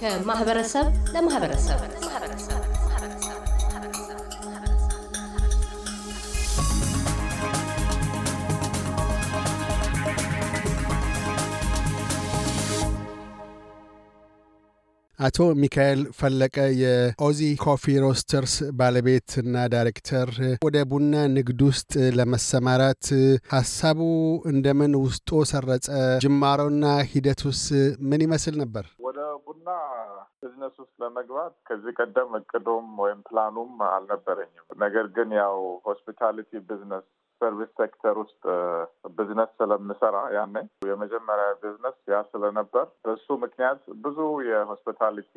ከማህበረሰብ ለማህበረሰብ አቶ ሚካኤል ፈለቀ የኦዚ ኮፊ ሮስተርስ እና ዳይሬክተር፣ ወደ ቡና ንግድ ውስጥ ለመሰማራት ሀሳቡ እንደምን ውስጦ ሰረጸ? ጅማሮና ሂደቱስ ምን ይመስል ነበር? ወደ ቡና ቢዝነስ ውስጥ ለመግባት ከዚህ ቀደም እቅዱም ወይም ፕላኑም አልነበረኝም። ነገር ግን ያው ሆስፒታሊቲ ቢዝነስ ሰርቪስ ሴክተር ውስጥ ቢዝነስ ስለምሰራ ያኔ የመጀመሪያ ቢዝነስ ያ ስለነበር በሱ ምክንያት ብዙ የሆስፒታሊቲ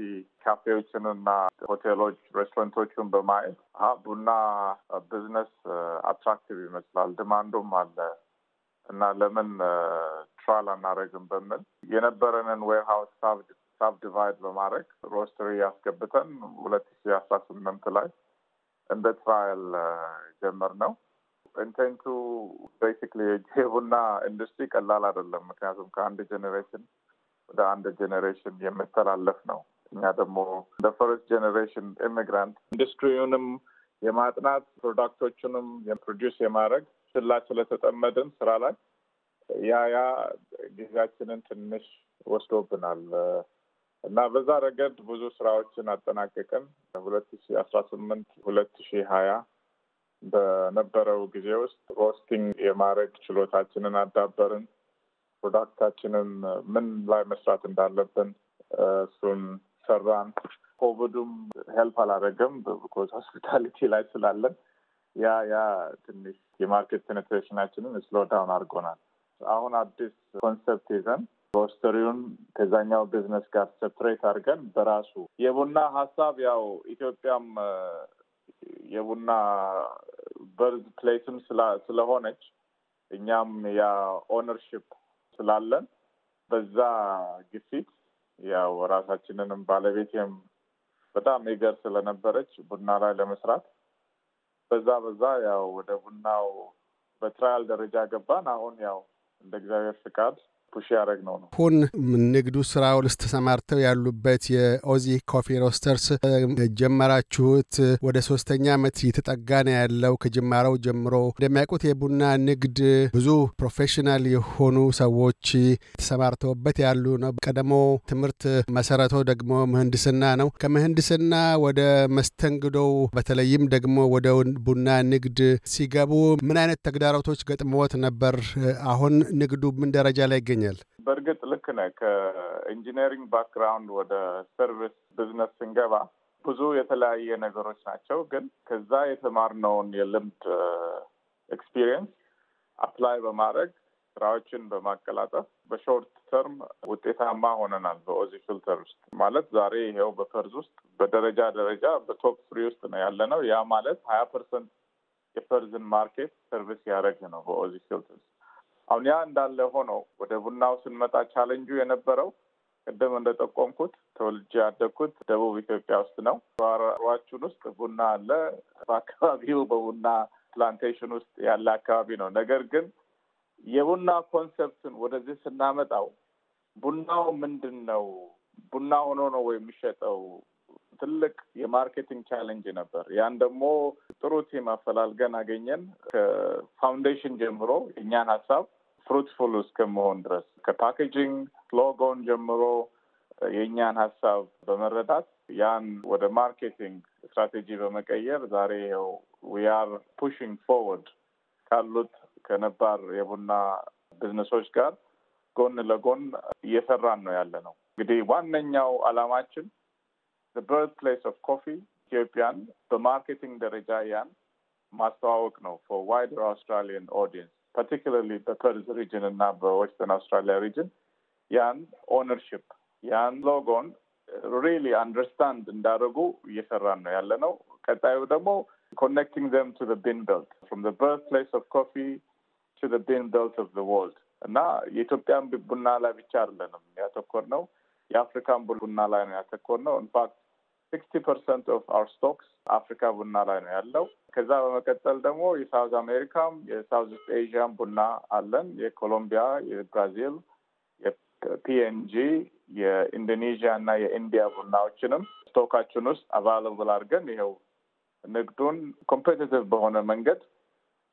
ካፌዎችን እና ሆቴሎች፣ ሬስቶራንቶችን በማየት ቡና ቢዝነስ አትራክቲቭ ይመስላል፣ ድማንዱም አለ እና ለምን ትራል አናደርግም በሚል የነበረንን ዌርሃውስ ሳብ ዲቫይድ በማድረግ ሮስተሪ ያስገብተን ሁለት ሺ አስራ ስምንት ላይ እንደ ትራያል ጀመር ነው። ኢንቴንቱ ቤሲክሊ የቡና ኢንዱስትሪ ቀላል አይደለም። ምክንያቱም ከአንድ ጄኔሬሽን ወደ አንድ ጄኔሬሽን የሚተላለፍ ነው። እኛ ደግሞ እንደ ፈርስት ጄኔሬሽን ኢሚግራንት ኢንዱስትሪውንም የማጥናት ፕሮዳክቶቹንም የፕሮዲውስ የማድረግ ስላ ስለተጠመድን ስራ ላይ ያ ያ ጊዜያችንን ትንሽ ወስዶብናል እና በዛ ረገድ ብዙ ስራዎችን አጠናቀቅን ሁለት ሺ አስራ ስምንት ሁለት ሺ ሀያ በነበረው ጊዜ ውስጥ ሮስቲንግ የማድረግ ችሎታችንን አዳበርን። ፕሮዳክታችንን ምን ላይ መስራት እንዳለብን እሱን ሰራን። ኮቪዱም ሄልፕ አላደረገም፣ ቢኮዝ ሆስፒታሊቲ ላይ ስላለን ያ ያ ትንሽ የማርኬት ፔኔትሬሽናችንን ስሎ ዳውን አድርጎናል። አሁን አዲስ ኮንሰፕት ይዘን ሮስተሪውን ከዛኛው ቢዝነስ ጋር ሰፕሬት አድርገን በራሱ የቡና ሀሳብ ያው ኢትዮጵያም የቡና በርዝ ፕሌስም ስለሆነች እኛም ያ ኦነርሽፕ ስላለን በዛ ግፊት ያው ራሳችንንም ባለቤቴም በጣም ይገር ስለነበረች ቡና ላይ ለመስራት በዛ በዛ ያው ወደ ቡናው በትራያል ደረጃ ገባን። አሁን ያው እንደ እግዚአብሔር ፍቃድ ፑሽ ያደረግ ነው ነው ሁን ንግዱ ስራ ልስ ተሰማርተው ያሉበት የኦዚ ኮፊ ሮስተርስ ጀመራችሁት ወደ ሶስተኛ ዓመት እየተጠጋ ነው ያለው ከጅማረው ጀምሮ። እንደሚያውቁት የቡና ንግድ ብዙ ፕሮፌሽናል የሆኑ ሰዎች ተሰማርተውበት ያሉ ነው። ቀደሞ ትምህርት መሰረቶ ደግሞ ምህንድስና ነው። ከምህንድስና ወደ መስተንግዶው በተለይም ደግሞ ወደ ቡና ንግድ ሲገቡ ምን አይነት ተግዳሮቶች ገጥመወት ነበር? አሁን ንግዱ ምን ደረጃ ላይ ይገኛል? ይመስለኛል። በእርግጥ ልክ ነህ። ከኢንጂነሪንግ ባክግራውንድ ወደ ሰርቪስ ቢዝነስ ስንገባ ብዙ የተለያየ ነገሮች ናቸው። ግን ከዛ የተማርነውን የልምድ ኤክስፒሪየንስ አፕላይ በማድረግ ስራዎችን በማቀላጠፍ በሾርት ተርም ውጤታማ ሆነናል። በኦዚ ፊልተር ውስጥ ማለት ዛሬ ይሄው በፈርዝ ውስጥ በደረጃ ደረጃ በቶፕ ፍሪ ውስጥ ነው ያለነው። ያ ማለት ሀያ ፐርሰንት የፈርዝን ማርኬት ሰርቪስ ያደረግ ነው በኦዚ ፊልተር አሁን ያ እንዳለ ሆኖ ወደ ቡናው ስንመጣ ቻለንጁ የነበረው ቅድም እንደጠቆምኩት ተወልጄ ያደግኩት ደቡብ ኢትዮጵያ ውስጥ ነው። ሯችን ውስጥ ቡና አለ። በአካባቢው በቡና ፕላንቴሽን ውስጥ ያለ አካባቢ ነው። ነገር ግን የቡና ኮንሰፕትን ወደዚህ ስናመጣው ቡናው ምንድን ነው? ቡና ሆኖ ነው ወይ የሚሸጠው? ትልቅ የማርኬቲንግ ቻለንጅ ነበር። ያን ደግሞ ጥሩ ቲም አፈላልገን አገኘን። ከፋውንዴሽን ጀምሮ የእኛን ሀሳብ ፍሩትፉል እስከመሆን ድረስ ከፓኬጂንግ ሎጎን ጀምሮ የእኛን ሀሳብ በመረዳት ያን ወደ ማርኬቲንግ ስትራቴጂ በመቀየር ዛሬ ው ዊአር ፑሽንግ ፎርወርድ ካሉት ከነባር የቡና ቢዝነሶች ጋር ጎን ለጎን እየሰራን ነው ያለ ነው። እንግዲህ ዋነኛው አላማችን በርት ፕሌስ ኦፍ ኮፊ ኢትዮጵያን በማርኬቲንግ ደረጃ ያን ማስተዋወቅ ነው ፎር ዋይደር አውስትራሊያን ኦዲየንስ particularly the Perth region and Western Australia region, ያን ኦነርሽፕ ያን ሎጎን ሪሊ አንደርስታንድ እንዳደረጉ እየሰራን ነው ያለ ነው። ቀጣዩ ደግሞ ኮኔክቲንግ ዘም ቱ ቢን ቤልት ፍሮም በርት ፕሌስ ኦፍ ኮፊ ቱ ቢን ቤልት ኦፍ ወርልድ እና የኢትዮጵያን ቡና ላይ ብቻ አይደለንም ያተኮር ነው የአፍሪካን ቡና ላይ ነው ያተኮር ነው። ኢንፋክት ሲክስቲ ፐርሰንት ኦፍ አር ስቶክስ አፍሪካ ቡና ላይ ነው ያለው። ከዛ በመቀጠል ደግሞ የሳውዝ አሜሪካም የሳውዝ ኢስት ኤዥያም ቡና አለን። የኮሎምቢያ፣ የብራዚል፣ የፒኤንጂ፣ የኢንዶኔዥያ እና የኢንዲያ ቡናዎችንም ስቶካችን ውስጥ አቫለብል አድርገን ይኸው ንግዱን ኮምፔቲቲቭ በሆነ መንገድ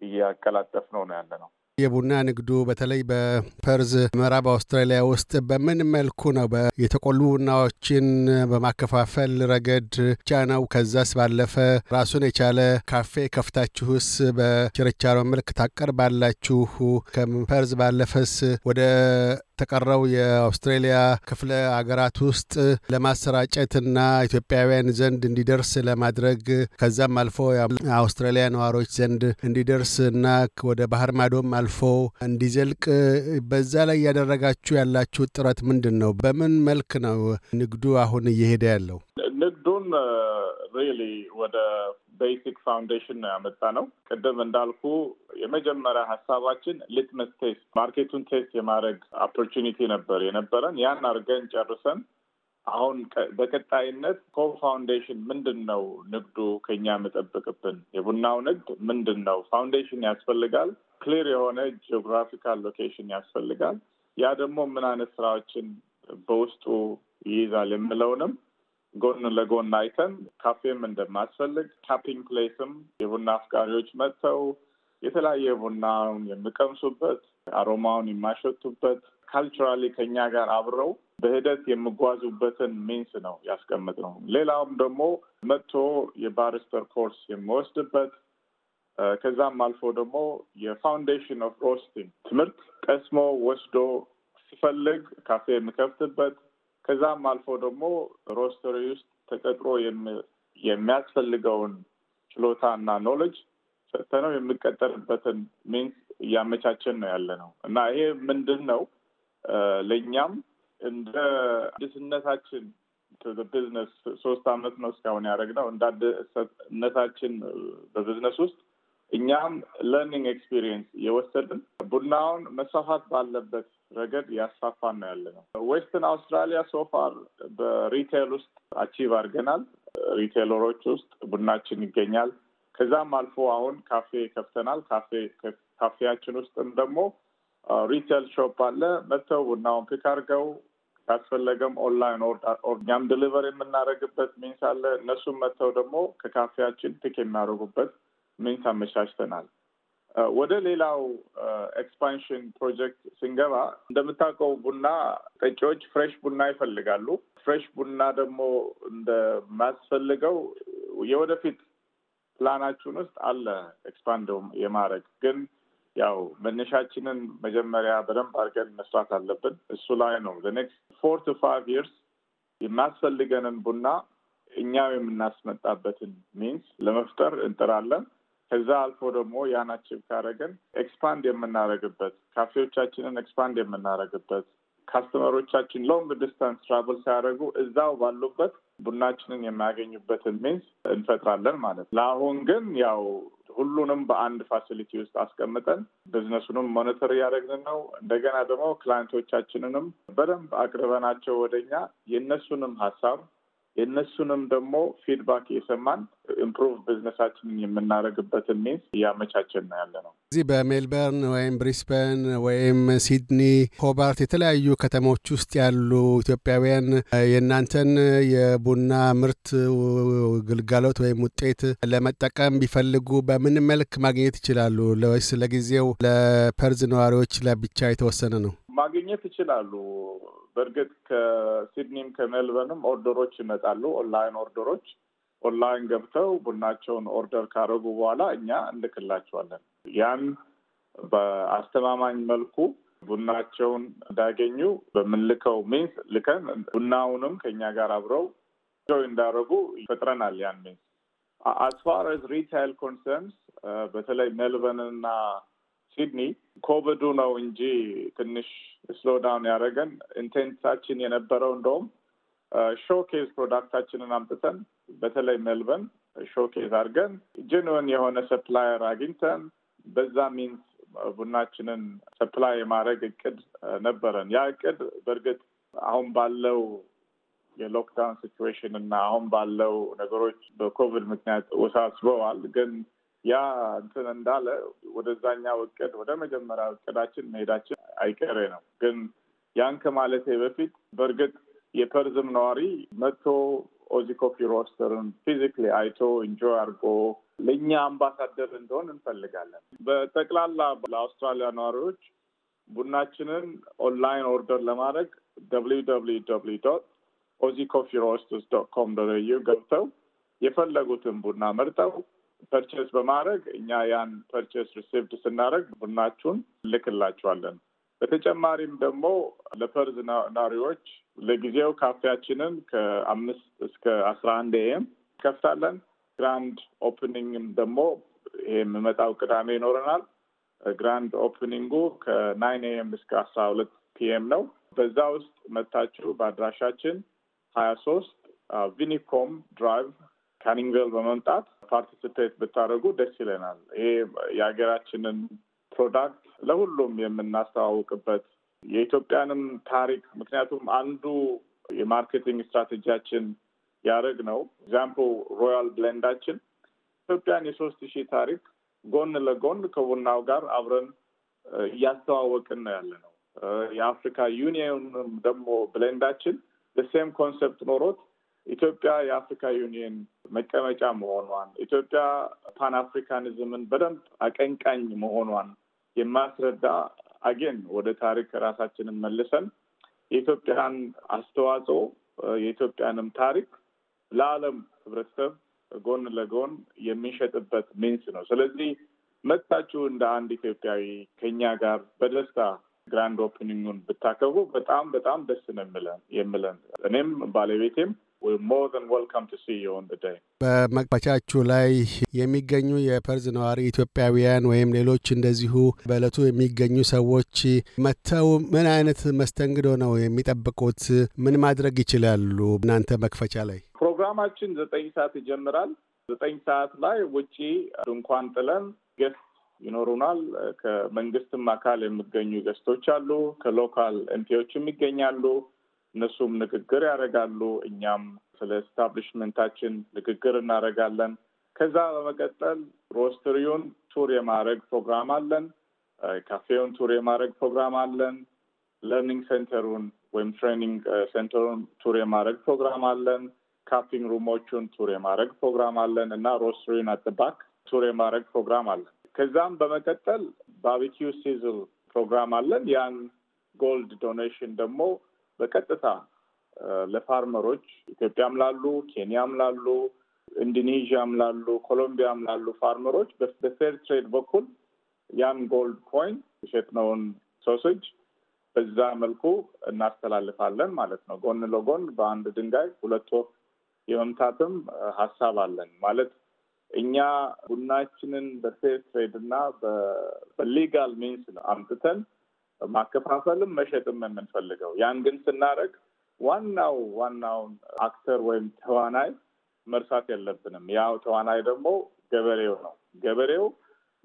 እያቀላጠፍ ነው ነው ያለ ነው። የቡና ንግዱ በተለይ በፐርዝ ምዕራብ አውስትራሊያ ውስጥ በምን መልኩ ነው የተቆሉ ቡናዎችን በማከፋፈል ረገድ ብቻ ነው? ከዛስ ባለፈ ራሱን የቻለ ካፌ ከፍታችሁስ በችርቻሮ መልክ ታቀርባላችሁ? ከፐርዝ ባለፈስ ወደ ተቀረው የአውስትሬሊያ ክፍለ አገራት ውስጥ ለማሰራጨትና ኢትዮጵያውያን ዘንድ እንዲደርስ ለማድረግ ከዛም አልፎ አውስትራሊያ ነዋሪዎች ዘንድ እንዲደርስ እና ወደ ባህር ማዶም አልፎ እንዲዘልቅ በዛ ላይ እያደረጋችሁ ያላችሁ ጥረት ምንድን ነው? በምን መልክ ነው ንግዱ አሁን እየሄደ ያለው? ንግዱን ሪሊ uh, ወደ ቤሲክ ፋውንዴሽን ነው ያመጣ ነው። ቅድም እንዳልኩ የመጀመሪያ ሀሳባችን ሊትመስ ቴስት ማርኬቱን ቴስት የማድረግ ኦፖርቹኒቲ ነበር የነበረን። ያን አድርገን ጨርሰን አሁን በቀጣይነት ኮፋውንዴሽን ምንድን ነው ንግዱ ከኛ የምጠብቅብን የቡናው ንግድ ምንድን ነው? ፋውንዴሽን ያስፈልጋል። ክሊር የሆነ ጂኦግራፊካል ሎኬሽን ያስፈልጋል። ያ ደግሞ ምን አይነት ስራዎችን በውስጡ ይይዛል የምለውንም ጎን ለጎን አይተን ካፌም እንደማስፈልግ ታፒንግ ፕሌስም የቡና አፍቃሪዎች መጥተው የተለያየ ቡናውን የሚቀምሱበት አሮማውን የማሸቱበት ካልቸራሊ ከኛ ጋር አብረው በሂደት የሚጓዙበትን ሚንስ ነው ያስቀምጥ ነው። ሌላውም ደግሞ መጥቶ የባሪስተር ኮርስ የሚወስድበት ከዛም አልፎ ደግሞ የፋውንዴሽን ኦፍ ሮስቲንግ ትምህርት ቀስሞ ወስዶ ሲፈልግ ካፌ የምከፍትበት ከዛም አልፎ ደግሞ ሮስተሪ ውስጥ ተቀጥሮ የሚያስፈልገውን ችሎታ እና ኖሌጅ ሰጥተነው የምቀጠርበትን ሚንስ እያመቻቸን ነው ያለ ነው እና ይሄ ምንድን ነው ለእኛም እንደ አዲስነታችን ቢዝነስ ሶስት አመት ነው እስካሁን ያደረግነው። እንደ አዲስነታችን በቢዝነስ ውስጥ እኛም ለርኒንግ ኤክስፒሪየንስ የወሰድን ቡናውን መስፋፋት ባለበት ረገድ ያስፋፋን ነው ያለ ነው። ዌስትን አውስትራሊያ ሶፋር በሪቴል ውስጥ አቺቭ አድርገናል። ሪቴለሮች ውስጥ ቡናችን ይገኛል። ከዛም አልፎ አሁን ካፌ ከፍተናል። ካፌ ካፌያችን ውስጥም ደግሞ ሪቴል ሾፕ አለ። መጥተው ቡናውን ፒክ አድርገው ካስፈለገም ኦንላይን እኛም ድሊቨር የምናደርግበት ሚንስ አለ። እነሱም መጥተው ደግሞ ከካፌያችን ፒክ የሚያደርጉበት ሚንስ አመቻችተናል። ወደ ሌላው ኤክስፓንሽን ፕሮጀክት ስንገባ እንደምታውቀው ቡና ጠጪዎች ፍሬሽ ቡና ይፈልጋሉ። ፍሬሽ ቡና ደግሞ እንደሚያስፈልገው የወደፊት ፕላናችን ውስጥ አለ። ኤክስፓንድ የማድረግ ግን ያው መነሻችንን መጀመሪያ በደንብ አድርገን መስራት አለብን። እሱ ላይ ነው ለኔክስት ፎር ቱ ፋይቭ ይርስ የሚያስፈልገንን ቡና እኛም የምናስመጣበትን ሚንስ ለመፍጠር እንጥራለን። ከዛ አልፎ ደግሞ ያን አቺቭ ኤክስፓንድ የምናደርግበት ካፌዎቻችንን ኤክስፓንድ የምናደርግበት ካስተመሮቻችን ሎንግ ዲስታንስ ትራቭል ሲያደርጉ እዛው ባሉበት ቡናችንን የሚያገኙበትን ሚንስ እንፈጥራለን ማለት ነው። ለአሁን ግን ያው ሁሉንም በአንድ ፋሲሊቲ ውስጥ አስቀምጠን ቢዝነሱንም ሞኒተር እያደረግን ነው። እንደገና ደግሞ ክላይንቶቻችንንም በደንብ አቅርበናቸው ወደኛ የእነሱንም ሀሳብ የእነሱንም ደግሞ ፊድባክ የሰማን ኢምፕሩቭ ብዝነሳችንን የምናደርግበትን ሜንስ እያመቻቸን ነው ያለ ነው። እዚህ በሜልበርን ወይም ብሪስበን ወይም ሲድኒ፣ ሆባርት የተለያዩ ከተሞች ውስጥ ያሉ ኢትዮጵያውያን የእናንተን የቡና ምርት ግልጋሎት ወይም ውጤት ለመጠቀም ቢፈልጉ በምን መልክ ማግኘት ይችላሉ? ወይስ ለጊዜው ለፐርዝ ነዋሪዎች ለብቻ የተወሰነ ነው? ማግኘት ይችላሉ። በእርግጥ ከሲድኒም ከሜልበርንም ኦርደሮች ይመጣሉ። ኦንላይን ኦርደሮች ኦንላይን ገብተው ቡናቸውን ኦርደር ካደረጉ በኋላ እኛ እንልክላቸዋለን። ያን በአስተማማኝ መልኩ ቡናቸውን እንዳገኙ በምንልከው ሚንስ ልከን ቡናውንም ከእኛ ጋር አብረው እንዳደረጉ ይፈጥረናል። ያን ሚንስ አስፋር ሪታይል ኮንሰርንስ በተለይ ሜልበርንና ሲድኒ ኮቪዱ ነው እንጂ ትንሽ ስሎዳውን ያደረገን። ኢንቴንሳችን የነበረው እንደውም ሾኬዝ ፕሮዳክታችንን አምጥተን በተለይ ሜልበን ሾኬዝ አድርገን ጅንን የሆነ ሰፕላየር አግኝተን በዛ ሚንስ ቡናችንን ሰፕላይ የማድረግ እቅድ ነበረን። ያ እቅድ በእርግጥ አሁን ባለው የሎክዳውን ሲትዌሽን እና አሁን ባለው ነገሮች በኮቪድ ምክንያት ወሳስበዋል ግን ያ እንትን እንዳለ ወደዛኛ እቅድ ወደ መጀመሪያ እቅዳችን መሄዳችን አይቀሬ ነው። ግን ያን ከማለቴ በፊት በእርግጥ የፐርዝም ነዋሪ መጥቶ ኮፊ ሮስተርን ፊዚክሊ አይቶ ኢንጆይ አድርጎ ለእኛ አምባሳደር እንደሆን እንፈልጋለን። በጠቅላላ ለአውስትራሊያ ነዋሪዎች ቡናችንን ኦንላይን ኦርደር ለማድረግ ኦዚ ኮፊ ሮስተርስ ዶት ኮም ገብተው የፈለጉትን ቡና መርጠው ፐርቸስ በማድረግ እኛ ያን ፐርቸስ ሪሲቭድ ስናደረግ ቡናችሁን እልክላችኋለን። በተጨማሪም ደግሞ ለፐርዝ ናሪዎች ለጊዜው ካፌያችንን ከአምስት እስከ አስራ አንድ ኤም ከፍታለን። ግራንድ ኦፕኒንግም ደግሞ ይሄ የሚመጣው ቅዳሜ ይኖረናል። ግራንድ ኦፕኒንጉ ከናይን ኤም እስከ አስራ ሁለት ፒኤም ነው። በዛ ውስጥ መታችሁ በአድራሻችን ሀያ ሶስት ቪኒኮም ድራይቭ ካኒንገል በመምጣት ፓርቲስፔት ብታደርጉ ደስ ይለናል። ይሄ የሀገራችንን ፕሮዳክት ለሁሉም የምናስተዋውቅበት የኢትዮጵያንም ታሪክ ምክንያቱም አንዱ የማርኬቲንግ ስትራቴጂያችን ያደረግ ነው። ኤግዛምፕል ሮያል ብለንዳችን ኢትዮጵያን የሶስት ሺህ ታሪክ ጎን ለጎን ከቡናው ጋር አብረን እያስተዋወቅን ነው ያለ ነው። የአፍሪካ ዩኒየንም ደግሞ ብለንዳችን ሴም ኮንሰፕት ኖሮት ኢትዮጵያ የአፍሪካ ዩኒየን መቀመጫ መሆኗን ኢትዮጵያ ፓን አፍሪካኒዝምን በደንብ አቀንቃኝ መሆኗን የማስረዳ አጌን ወደ ታሪክ ራሳችንን መልሰን የኢትዮጵያን አስተዋጽኦ የኢትዮጵያንም ታሪክ ለዓለም ህብረተሰብ ጎን ለጎን የሚሸጥበት ሚንስ ነው። ስለዚህ መጥታችሁ እንደ አንድ ኢትዮጵያዊ ከኛ ጋር በደስታ ግራንድ ኦፕኒንግን ብታከቡ በጣም በጣም ደስ ነው የምለን የምለን እኔም ባለቤቴም በመግባቻችሁ ላይ የሚገኙ የፐርዝ ነዋሪ ኢትዮጵያውያን ወይም ሌሎች እንደዚሁ በእለቱ የሚገኙ ሰዎች መጥተው ምን አይነት መስተንግዶ ነው የሚጠብቁት? ምን ማድረግ ይችላሉ? እናንተ መክፈቻ ላይ ፕሮግራማችን ዘጠኝ ሰዓት ይጀምራል። ዘጠኝ ሰዓት ላይ ውጪ ድንኳን ጥለን ገስት ይኖሩናል። ከመንግስትም አካል የሚገኙ ገስቶች አሉ። ከሎካል ኤምፒዎችም ይገኛሉ። እነሱም ንግግር ያደርጋሉ። እኛም ስለ ኤስታብሊሽመንታችን ንግግር እናደርጋለን። ከዛ በመቀጠል ሮስትሪውን ቱር የማድረግ ፕሮግራም አለን። ካፌውን ቱር የማድረግ ፕሮግራም አለን። ለርኒንግ ሴንተሩን ወይም ትሬኒንግ ሴንተሩን ቱር የማድረግ ፕሮግራም አለን። ካፊንግ ሩሞቹን ቱር የማድረግ ፕሮግራም አለን እና ሮስተሪውን አጥባክ ቱር የማድረግ ፕሮግራም አለን። ከዛም በመቀጠል ባቢኪው ሲዝል ፕሮግራም አለን። ያን ጎልድ ዶኔሽን ደግሞ በቀጥታ ለፋርመሮች ኢትዮጵያም ላሉ ኬንያም ላሉ ኢንዶኔዥያም ላሉ ኮሎምቢያም ላሉ ፋርመሮች በፌር ትሬድ በኩል ያን ጎልድ ኮይን የሸጥነውን ሶሶች በዛ መልኩ እናስተላልፋለን ማለት ነው። ጎን ለጎን በአንድ ድንጋይ ሁለት ወፍ የመምታትም ሀሳብ አለን ማለት እኛ ቡናችንን በፌር ትሬድ እና በሊጋል ሚንስ አምጥተን ማከፋፈልም መሸጥም የምንፈልገው። ያን ግን ስናደርግ ዋናው ዋናውን አክተር ወይም ተዋናይ መርሳት የለብንም። ያው ተዋናይ ደግሞ ገበሬው ነው። ገበሬው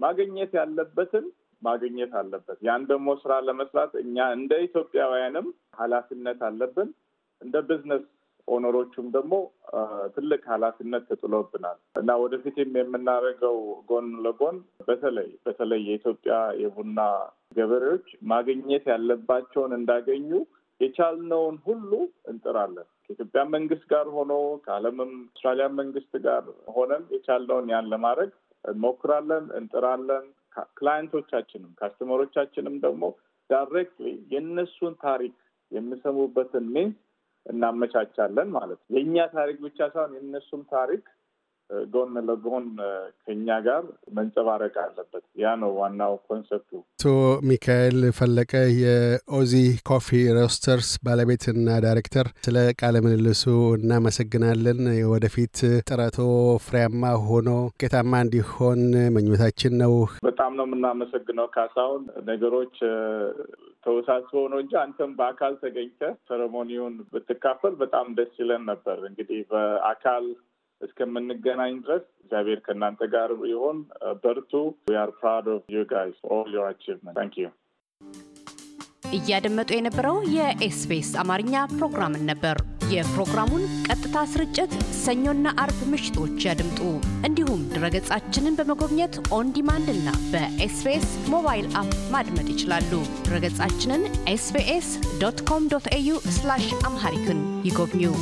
ማግኘት ያለበትን ማግኘት አለበት። ያን ደግሞ ስራ ለመስራት እኛ እንደ ኢትዮጵያውያንም ኃላፊነት አለብን። እንደ ቢዝነስ ኦነሮቹም ደግሞ ትልቅ ኃላፊነት ተጥሎብናል እና ወደፊትም የምናደርገው ጎን ለጎን በተለይ በተለይ የኢትዮጵያ የቡና ገበሬዎች ማግኘት ያለባቸውን እንዳገኙ የቻልነውን ሁሉ እንጥራለን። ከኢትዮጵያ መንግስት ጋር ሆኖ ከዓለምም አውስትራሊያ መንግስት ጋር ሆነን የቻልነውን ያን ለማድረግ እንሞክራለን፣ እንጥራለን። ክላይንቶቻችንም ካስተመሮቻችንም ደግሞ ዳይሬክትሊ የእነሱን ታሪክ የሚሰሙበትን ሚንስ እናመቻቻለን ማለት ነው። የእኛ ታሪክ ብቻ ሳይሆን የእነሱም ታሪክ ጎን ለጎን ከኛ ጋር መንጸባረቅ አለበት። ያ ነው ዋናው ኮንሰፕቱ። አቶ ሚካኤል ፈለቀ የኦዚ ኮፊ ሮስተርስ ባለቤትና ዳይሬክተር፣ ስለ ቃለ ምልልሱ እናመሰግናለን። ወደፊት ጥረቶ ፍሬያማ ሆኖ ውጤታማ እንዲሆን መኞታችን ነው። በጣም ነው የምናመሰግነው ካሳሁን። ነገሮች ተወሳስበው ነው እንጂ አንተም በአካል ተገኝተ ሰረሞኒውን ብትካፈል በጣም ደስ ይለን ነበር። እንግዲህ በአካል እስከምንገናኝ ድረስ እግዚአብሔር ከእናንተ ጋር ይሆን። በርቱ። ዊ ኦፍ ዩ ጋይስ ኦል ዮር አቺቭመንት ታንክ ዩ። እያደመጡ የነበረው የኤስቢኤስ አማርኛ ፕሮግራምን ነበር። የፕሮግራሙን ቀጥታ ስርጭት ሰኞና አርብ ምሽቶች ያድምጡ። እንዲሁም ድረገጻችንን በመጎብኘት ኦን ዲማንድ እና በኤስቢኤስ ሞባይል አፕ ማድመጥ ይችላሉ። ድረገጻችንን ኤስቢኤስ ዶት ኮም ዶት ኤዩ አምሃሪክን ይጎብኙ።